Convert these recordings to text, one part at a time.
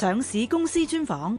上市公司專訪。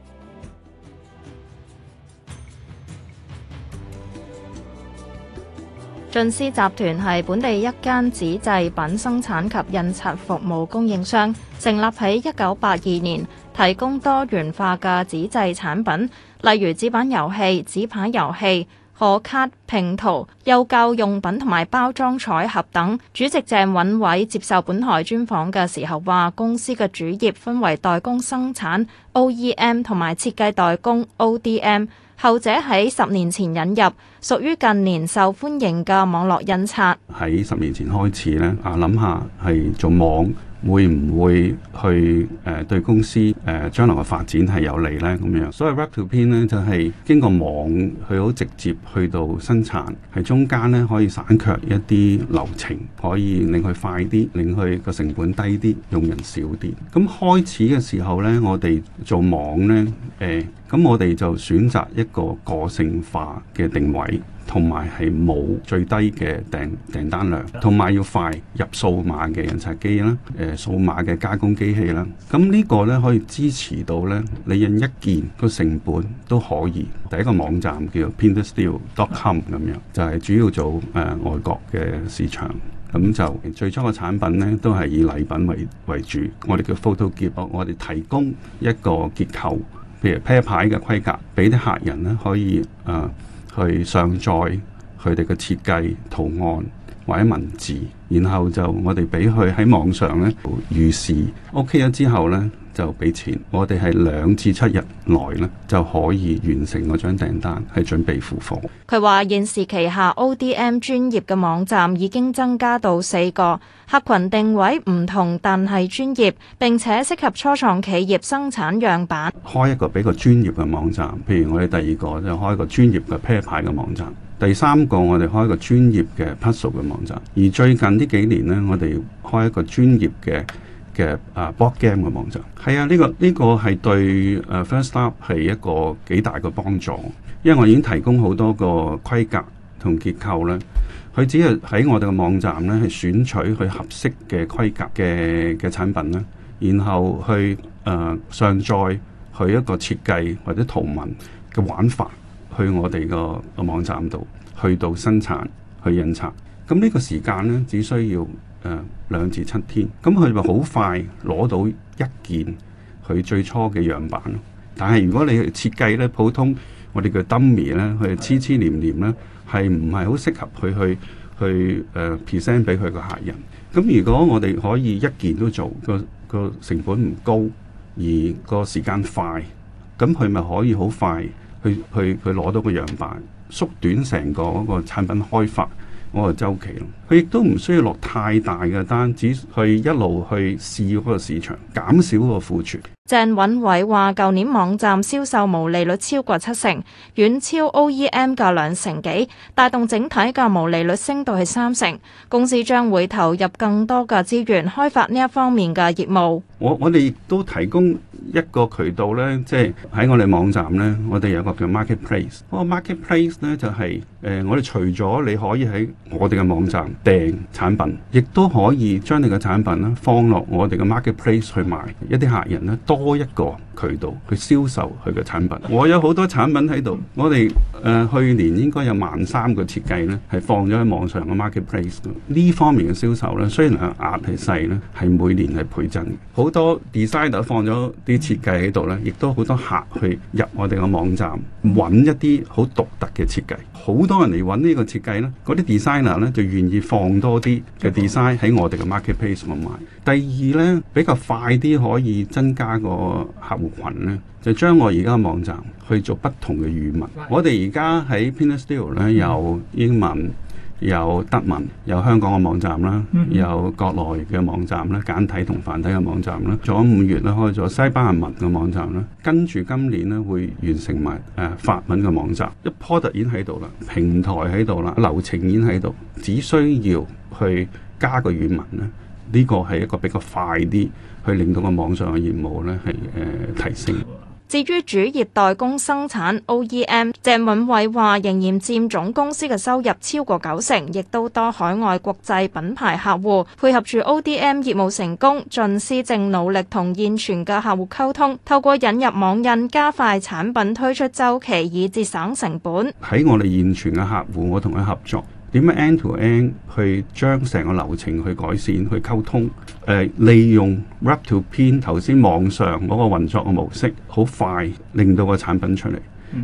進司集團係本地一間紙製品生產及印刷服務供應商，成立喺一九八二年，提供多元化嘅紙製產品，例如紙板遊戲、紙牌遊戲。賀卡、拼圖、幼教用品同埋包裝彩盒等。主席鄭穩偉接受本台專訪嘅時候話，公司嘅主業分為代工生產 （OEM） 同埋設計代工 （ODM）。後者喺十年前引入，屬於近年受歡迎嘅網絡印刷。喺十年前開始呢，啊，諗下係做網。會唔會去誒對公司誒將來嘅發展係有利呢？咁樣，所謂 web to print 呢，就係經過網，佢好直接去到生產，喺中間呢，可以省卻一啲流程，可以令佢快啲，令佢個成本低啲，用人少啲。咁開始嘅時候呢，我哋做網呢，咁我哋就選擇一個個性化嘅定位。同埋係冇最低嘅訂訂單量，同埋要快入數碼嘅印刷機啦，誒、呃、數碼嘅加工機器啦。咁呢個呢，可以支持到呢你印一件個成本都可以。第一個網站叫 printerstudio.com 咁樣，就係、是、主要做、呃、外國嘅市場。咁就最初嘅產品呢，都係以禮品為，為主。我哋叫 photo kit，我哋提供一個結構，譬如啤牌嘅規格，俾啲客人呢可以、呃去上載佢哋嘅設計圖案，或者文字，然後就我哋俾佢喺網上呢預示 OK 咗之後呢，就俾錢，我哋係兩至七日內就可以完成嗰張訂單，係準備付貨。佢話現時旗下 ODM 專業嘅網站已經增加到四個，客群定位唔同，但係專業並且適合初創企業生產樣板。開一個比較專業嘅網站，譬如我哋第二個就開一個專業嘅啤牌嘅網站。第三個，我哋開一個專業嘅 puzzle 嘅網站，而最近呢幾年呢，我哋開一個專業嘅啊 board game 嘅網站。係啊，呢、呢個呢、呢個係對 first up 係一個幾大嘅幫助，因為我已經提供好多個規格同結構呢，佢只要喺我哋嘅網站呢，係選取佢合適嘅規格嘅產品咧，然後去、呃、上載去一個設計或者圖文嘅玩法。去我哋個個網站度，去到生產去印刷，咁呢個時間呢，只需要誒兩至七天，咁佢咪好快攞到一件佢最初嘅樣板咯。但係如果你設計呢普通我哋嘅 dummy 呢，佢黐黐黏黏呢，係唔係好適合佢去去誒、呃、present 俾佢個客人。咁如果我哋可以一件都做，個個成本唔高，而個時間快，咁佢咪可以好快。去去去攞到個樣板，縮短成個嗰個產品開發嗰個周期。佢亦都唔需要落太大嘅單，只去一路去試嗰個市場，減少個庫存。鄭穩偉話，舊年網站銷售毛利率超過七成，遠超 OEM 嘅兩成幾，帶動整體嘅毛利率升到去三成。公司將會投入更多嘅資源開發呢一方面嘅業務。我我哋亦都提供一個渠道呢，即係喺我哋網站呢，我哋有個叫 marketplace market、就是。個 marketplace 呢，就係誒，我哋除咗你可以喺我哋嘅網站訂產品，亦都可以將你嘅產品咧放落我哋嘅 marketplace 去賣，一啲客人咧多一個。渠道去銷售佢嘅產品，我有好多產品喺度。我哋誒、呃、去年應該有萬三個設計咧，係放咗喺網上嘅 marketplace。呢方面嘅銷售咧，雖然係額係細咧，係每年係倍增。好多 designer 放咗啲設計喺度咧，亦都好多客去入我哋嘅網站揾一啲好獨特嘅設計，好多人嚟揾呢個設計咧，啲 designer 咧就願意放多啲嘅 design 喺我哋嘅 marketplace 度買。第二咧比較快啲可以增加個客。群咧，就將我而家嘅網站去做不同嘅語文。我哋而家喺 Pinterest 咧，有英文、有德文、有香港嘅網站啦，有國內嘅網站啦，簡體同繁體嘅網站啦。咗五月咧，開咗西班牙文嘅網站啦，跟住今年咧，會完成埋誒法文嘅網站。一 platform 已經喺度啦，平台喺度啦，流程已經喺度，只需要去加個語文啦。呢、這個係一個比較快啲去令到個網上嘅業務咧係誒提升。至於主業代工生產 OEM，鄭穩偉話仍然佔總公司嘅收入超過九成，亦都多海外國際品牌客戶配合住 ODM 業務成功。雋思正努力同現存嘅客戶溝通，透過引入網印加快產品推出週期，以節省成本。喺我哋現存嘅客戶，我同佢合作。點樣 end to end 去將成個流程去改善、去溝通？誒，利用 web to print 頭先網上嗰個運作嘅模式，好快令到個產品出嚟，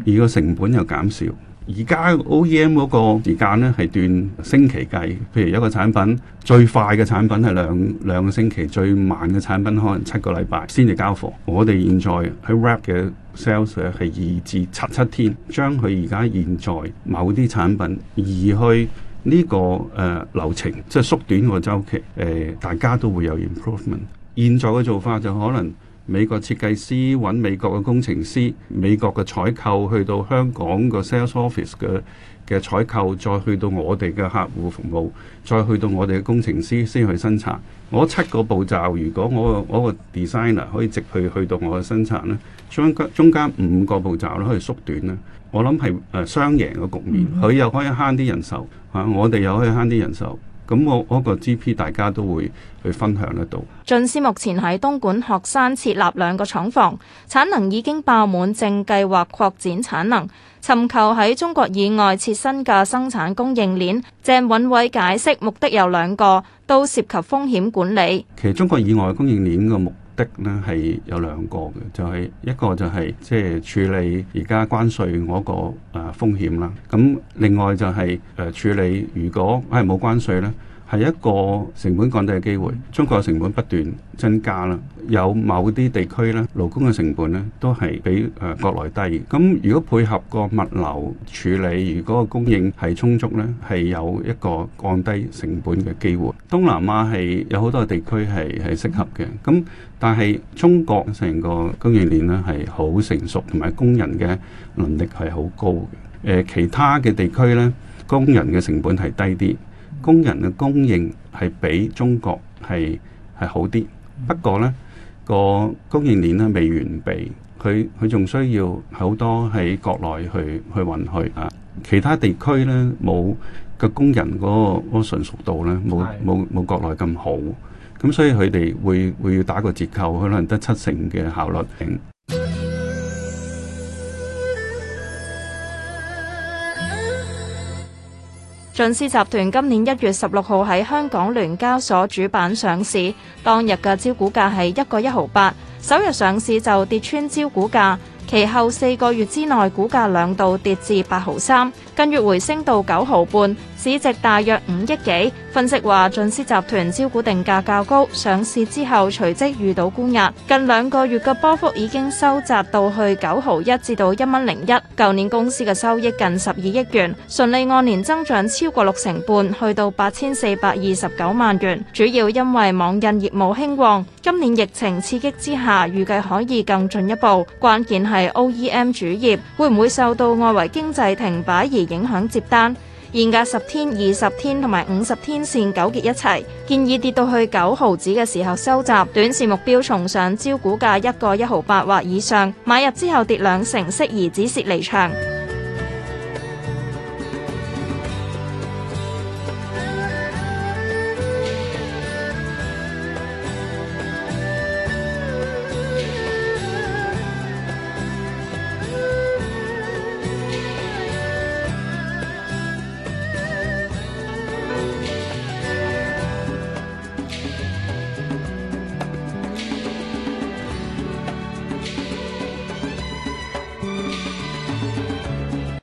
而個成本又減少。而家 OEM 嗰個時間咧係段星期計，譬如一個產品最快嘅產品係兩兩個星期，最慢嘅產品可能七個禮拜先至交貨。我哋現在喺 Wrap 嘅 sales 係二至七七天，將佢而家現在,現在某啲產品移去呢個、呃、流程，即係縮短個周期，呃，大家都會有 improvement。現在嘅做法就可能。美國設計師揾美國嘅工程師，美國嘅採購去到香港個 sales office 嘅嘅採購，再去到我哋嘅客戶服務，再去到我哋嘅工程師先去生產。我七個步驟，如果我我個 designer 可以直去去到我嘅生產呢，中間五個步驟咧可以縮短呢，我諗係誒雙贏嘅局面。佢又可以慳啲人手吓，我哋又可以慳啲人手。咁我嗰個 GP 大家都會去分享得到。雋思目前喺東莞、鶴山設立兩個廠房，產能已經爆滿，正計劃擴展產能，尋求喺中國以外設新嘅生產供應鏈。鄭穩偉解釋目的有兩個，都涉及風險管理。其實中國以外供應鏈嘅目是的呢係有兩個嘅，就係、是、一個就係即係處理而家關稅嗰個誒風險啦，咁另外就係誒處理如果係冇關稅咧。係一個成本降低嘅機會。中國嘅成本不斷增加啦，有某啲地區咧，勞工嘅成本咧都係比誒國內低。咁如果配合個物流處理，如果個供應係充足咧，係有一個降低成本嘅機會。東南亞係有好多地區係係適合嘅。咁但係中國成個供應鏈咧係好成熟，同埋工人嘅能力係好高嘅。誒，其他嘅地區咧，工人嘅成本係低啲。工人嘅供應係比中國係係好啲，不過呢個供應鏈呢未完備，佢佢仲需要好多喺國內去去運去啊！其他地區呢，冇個工人嗰個嗰純熟度呢，冇冇冇國內咁好，咁所以佢哋會會要打個折扣，可能得七成嘅效率。雋思集團今年一月十六號喺香港聯交所主板上市，當日嘅招股價係一個一毫八，首日上市就跌穿招股價。其後四個月之內，股價兩度跌至八毫三，近月回升到九毫半，市值大約五億幾。分析話，雋思集團招股定價較高，上市之後隨即遇到沽壓，近兩個月嘅波幅已經收窄到去九毫一至到一蚊零一。舊年公司嘅收益近十二億元，順利按年增長超過六成半，去到八千四百二十九萬元，主要因為網印業務興旺。今年疫情刺激之下，預計可以更進一步。關鍵係，係 OEM 主業會唔會受到外圍經濟停擺而影響接單？現價十天、二十天同埋五十天線糾結一齊，建議跌到去九毫子嘅時候收集，短線目標重上招股價一個一毫八或以上買入之後跌兩成，適宜止蝕離場。